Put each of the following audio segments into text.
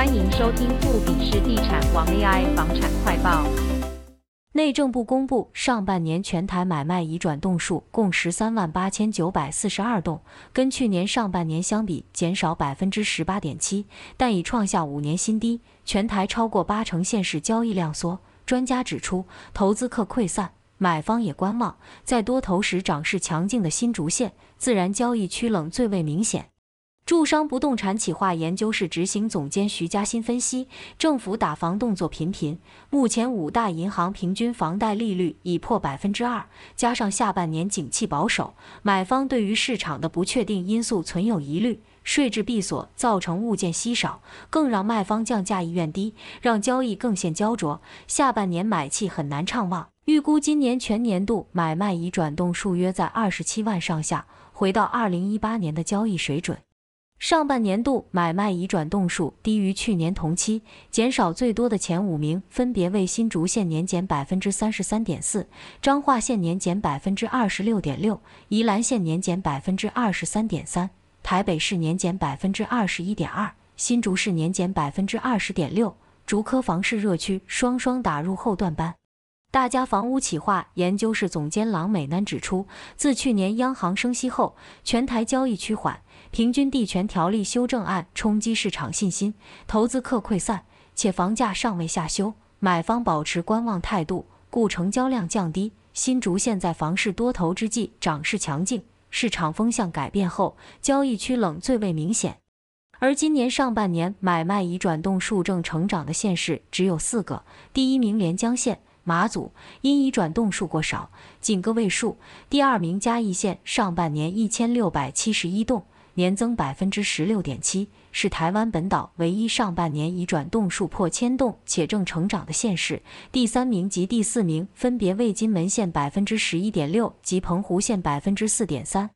歡迎收聽富比士地產王 AI 房產快報。內政部公布上半年全台買賣移轉棟數共十三萬八千九百四十二棟，跟去年上半年相比減少百分之十八點七，但已創下五年新低。全台超過八成縣市交易量縮，專家指出，投資客潰散，買方也觀望，在多頭時漲勢強勁的新竹縣，自然交易趨冷最為明顯。住商不動產企劃研究室執行總監徐嘉欣分析，政府打房動作頻頻，目前五大銀行平均房貸利率已破百分之二，加上下半年景氣保守，買方對於市場的不確定因素存有疑慮，稅制閉鎖造成物件稀少，更讓賣方降價意願低，讓交易更顯焦灼。下半年買氣很難暢旺，預估今年全年度買賣已轉動數約在二十七萬上下，回到二零一八年的交易水準。上半年度買賣移轉棟數低於去年同期，減少最多的前五名分別為新竹縣年減百分之三十三點四，彰化縣年減百分之二十六點六，宜蘭縣年減百分之二十三點三，台北市年減百分之二十一點二，新竹市年減百分之二十點六，竹科房市熱區雙雙打入後段班。大家房屋企劃研究室總監郎美男指出，自去年央行升息後，全台交易趨緩。平均地權條例修正案衝擊市場信心，投資客潰散，且房價尚未下修，買方保持觀望態度，故成交量降低。新竹縣在房市多頭之際漲勢強勁，市場風向改變後，交易趨冷最為明顯。而今年上半年買賣移轉棟數正成長的縣市只有四個，第一名連江縣馬祖因移轉棟數過少，僅個位數；第二名嘉義縣上半年一千六百七十一棟。年增百分之十六點七，是台灣本島唯一上半年移轉棟數破千棟且正成長的縣市。第三名及第四名分別為金門縣百分之十一點六及澎湖縣百分之四點三。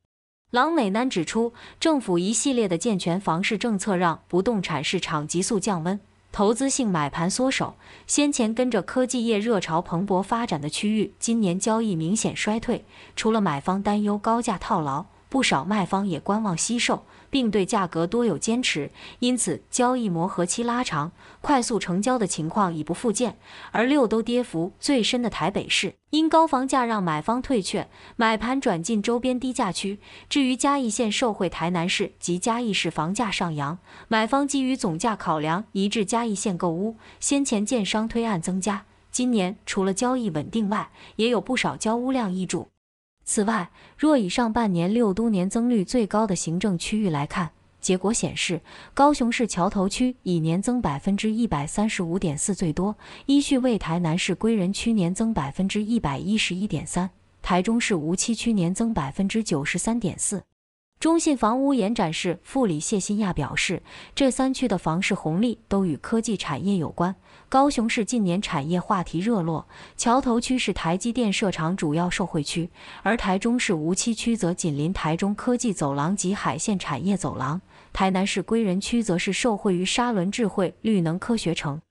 郎美囡指出，政府一系列的健全房市政策讓不動產市場急速降溫，投資性買盤縮手。先前跟着科技業熱潮蓬勃發展的區域，今年交易明顯衰退，除了買方擔憂高價套牢。不少賣方也觀望惜售，並對價格多有堅持，因此交易磨合期拉長，快速成交的情況已不復見。而六都跌幅最深的台北市，因高房價讓買方退卻，買盤轉進周邊低價區。至於嘉義縣受惠，台南市及嘉義市房價上揚，買方基於總價考量，移至嘉義縣購屋。先前建商推案增加，今年除了交易穩定外，也有不少交屋量挹注。此外，若以上半年六都年增率最高的行政區域來看，結果顯示，高雄市橋頭區以年增百分之一百三十五點四最多，依序為台南市歸仁區年增百分之一百一十一點三，台中市梧棲區年增百分之九十三點四。中信房屋延展室副理謝新亞表示，這三區的房市紅利都與科技產業有關。高雄市近年產業話題熱絡，橋頭區是台積電設廠主要受惠區，而台中市梧棲區則緊鄰台中科技走廊及海線產業走廊。台南市歸仁區則是受惠於沙崙智慧綠能科學城。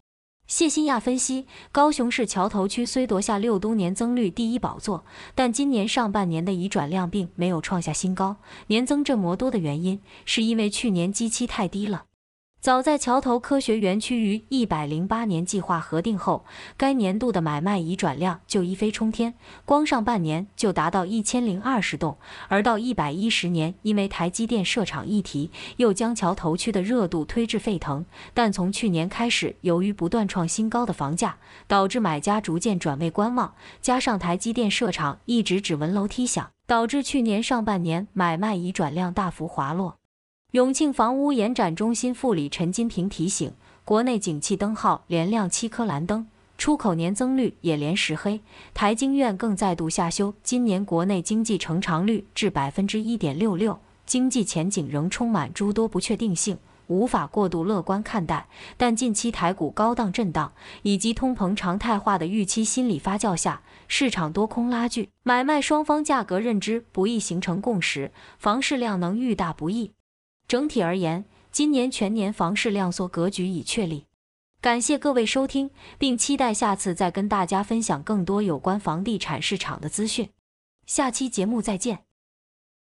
謝新亞分析，高雄市橋頭區雖奪下六都年增率第一寶座，但今年上半年的移轉量並沒有創下新高。年增這麼多的原因，是因為去年基期太低了。早在橋頭科學園區於一百零八年計劃核定後，該年度的買賣移轉量就一飛沖天，光上半年就達到一千零二十棟。而到一百一十年，因為台積電設廠議題，又將橋頭區的熱度推至沸騰。但從去年開始，由於不斷創新高的房價，導致買家逐漸轉為觀望，加上台積電設廠一直只聞樓梯響，導致去年上半年買賣移轉量大幅滑落。永慶房屋研展中心副理陳金平提醒，國內景氣燈號連亮七顆藍燈，出口年增率也連十黑。台經院更再度下修今年國內經濟成長率至百分之一點六六，經濟前景仍充滿諸多不確定性，無法過度樂觀看待。但近期台股高檔震盪，以及通膨常態化的預期心理發酵下，市場多空拉鋸，買賣雙方價格認知不易形成共識，房市量能欲大不易。整體而言，今年全年房市量縮格局已確立。感謝各位收聽，並期待下次再跟大家分享更多有關房地產市場的資訊。下期節目再見。